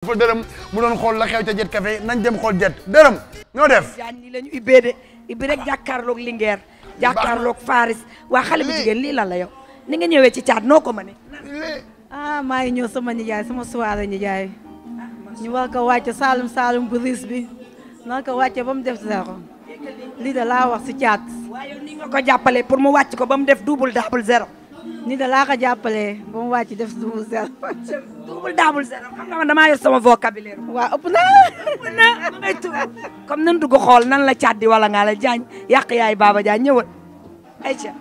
fa dërëm mu doon xool la xew ca jet café nañ dem xool jet ñoo def jaan nii la ñu ubbee de ubbi rek jàkkaarloog Linguère jàkkaarloog Faris waa xale bu jigéen lii lan la yow ni nga ñëwee ci caat noo ko mënee ah maa ngi ñëw sama nijaay sama suwaara nijaay ñu war ko wàcce saalum saalum bu riis bi nar ko wàcce ba mu def zéro lii da laa wax si ni nga ko jàppale pour mu wàcc ko ba mu def double double zéro ni da laa ko jàppalee ba mu ci def double zéro double double zéro xam nga man damaa yor sama vocabulaire. waaw waa na ëpp na ngay comme nan dugg xool nan la caddi walla nga la jaañ yàq yaay baaba jaañ ñëwal ayca.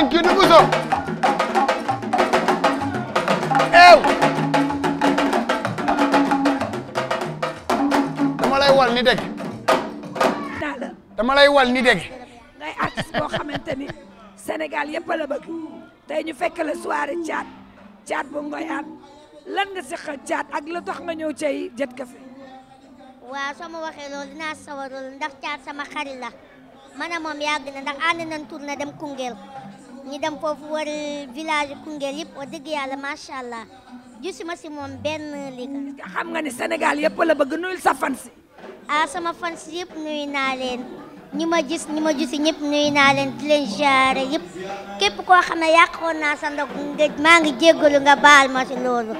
Enkini Bousso eew dama lay wal ni dégg dama lay wal ni dégg ngay artiste boo xamante ni Sénégal yëpp la bëgg tey ñu fekk la soirée caat caat bu ngoyaan lan nga seqal caat ak la tax nga ñëw cay Jet Café waaw soo ma waxee loolu dinaa sawarul ndax caat sama xarit la man a moom yàgg na ndax ànd nañ tourné dem Koungheul ñu dem foofu wër village Koungheul yëpp wax dëgg yàlla macha allah gisuma si moom benn liggéey. xam nga ni Sénégal yëpp la bëgg nuyul sa fans yi. ah sama fans yëpp nuyu naa leen ñi ma gis ñi ma gis ñëpp nuyu naa leen di jaare yëpp képp koo xam ne yàqoon naa sa ndog nga maa ngi jéggalu nga baal ma si loolu.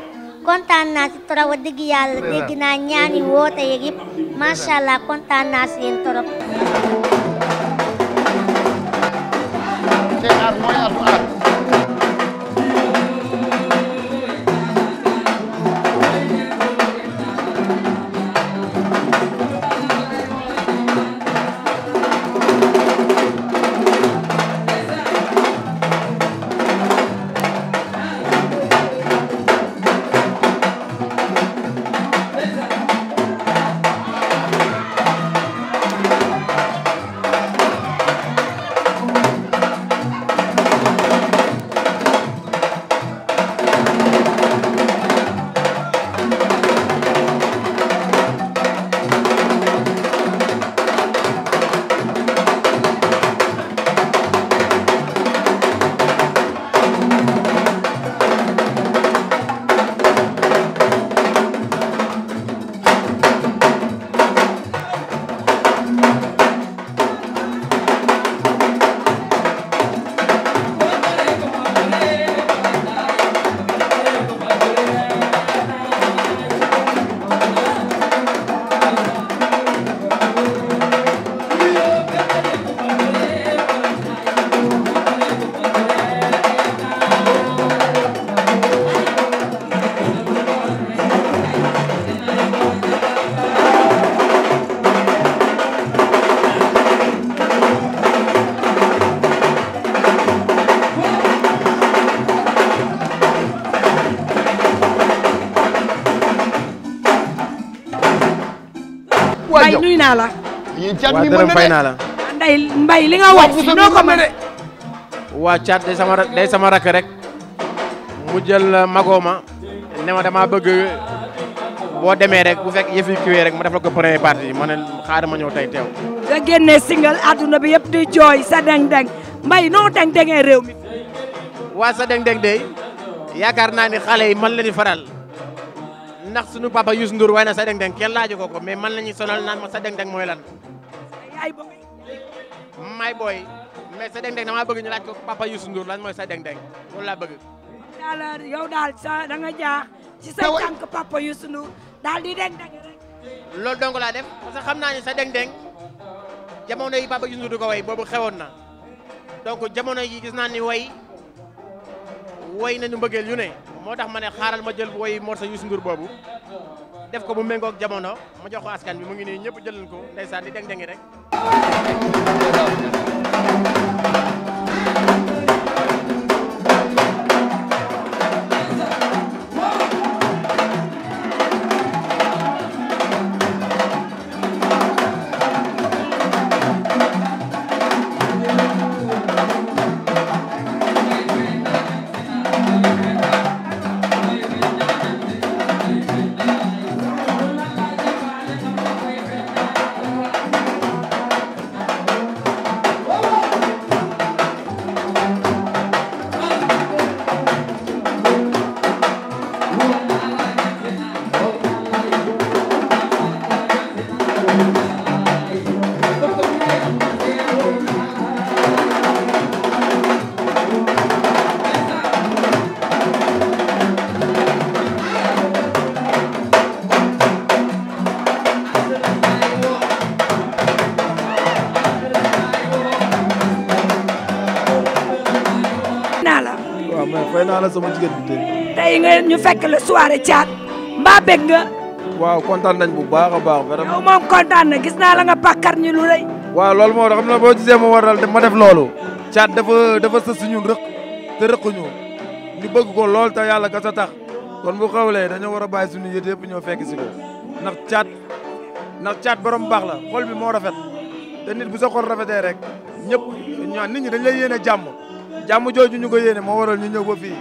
kontaan naa si trop wax dëgg yàlla dégg naa ñaani woote yeeg yëpp macha allah kontaan naa si yéen mooy alxuraan waay nuyu naa la. yéen cat mi mën na de waaw dërëm fay naa la. Ndeye Mbaye li nga wax noo ko mën waa cat day sama day rakk rek mu jël euh, magooma ne ma damaa bëgg boo demee rek bu fekk yëf yi kiwee rek ma def la ko première partie ma ne xaaral ma ñëw tey teew. nga génne single adduna bi yëpp di jooy sa deng-deng Mbaye noo deng-dengee réew mi. waa sa deng-deng de yaakaar naa ni xale yi man la di faral. ndax suñu papa Youssou Ndour way na sa deng-deng kenn laaju ko ko mais man la ñuy sonal naan ma sa deng-deng mooy lan. may booy mais sa deng-deng damaa bëgg ñu laaj ko papa Youssou lan mooy sa deng-deng loolu laa bëgg. daal yow daal sa da nga sa tànk papa Youssou Ndour daal di deng-deng rek. loolu dong def xam naa ne sa deng-deng jamono yi papa Youssou Ndour du ko way boobu xewoon na donc jamono yi gis naa ni way way nañu mbëggeel yu ne. moo tax ma ne xaaral ma jël woy morceau Youssou Ndour boobu def ko mu méngoog jamono ma jox ko askan bi mu ngi nii ñëpp jëlal ko ndeysaan di deng dengi rek la sama jigéen bi tey. tey nga ñu fekk la soirée caat mbaa bég nga. waaw kontaan nañ bu baax a baax. vraiment yow moom kontaan na gis naa la nga bàkkar ñu lu rëy. waaw loolu moo tax xam na boo gisee ma da ma def loolu. caat dafa dafa sës si ñun rëq te rëquñu ñu bëgg ko lool ta yàlla ka sa tax kon bu xawlee dañoo war a bàyyi suñu yëte yëpp ñoo fekk si ko ndax caat ndax caat borom baax la xol bi moo rafet te nit bu sa xol rafetee rek ñëpp ñaan nit ñi dañ lay yéene jàmm. jàmm jooju ñu ko yéene moo waral ñu ñëw ba fii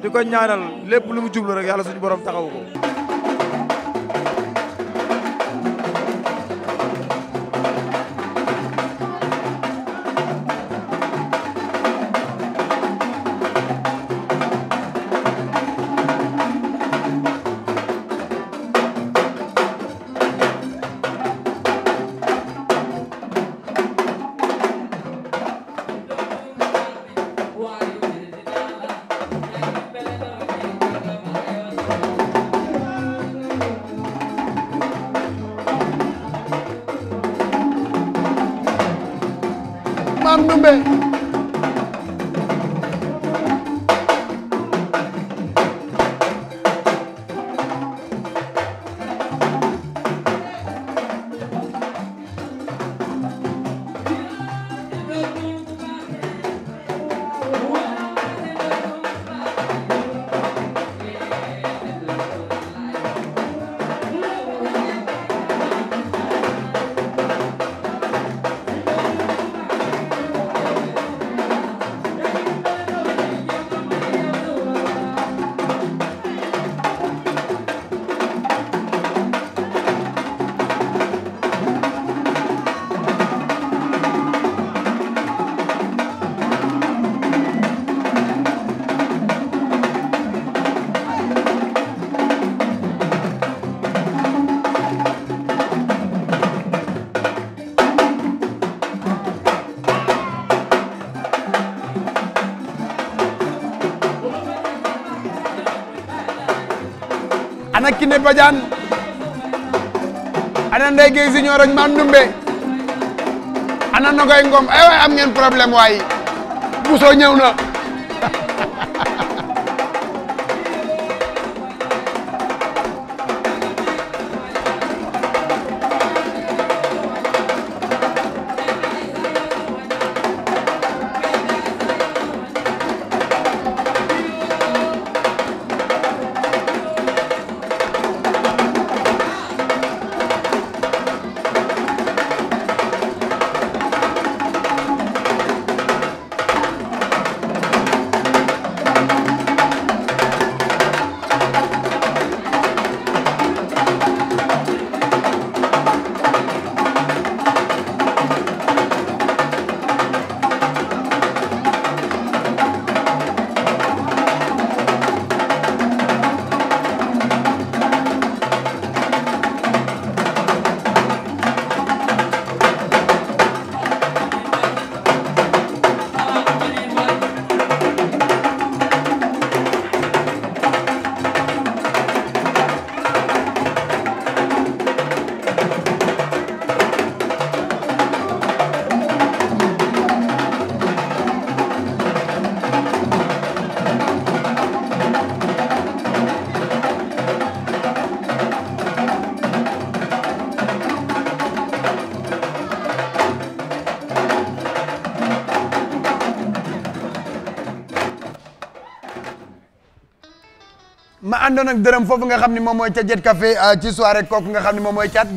di ko ñaanal lépp lu mu jublu rek yàlla suñu borom taxawu ko. maam Ndumbe ana Kiné Badiane ana Ndeye Gueye Junior ak Mame Ndoumbe eh am ngeen problème waay Bousso ñëw na àndoon ak dërëm foofu nga xam ne moom mooy ca Jet Café euh, ci soirée kooku nga xam ne moom mooy cat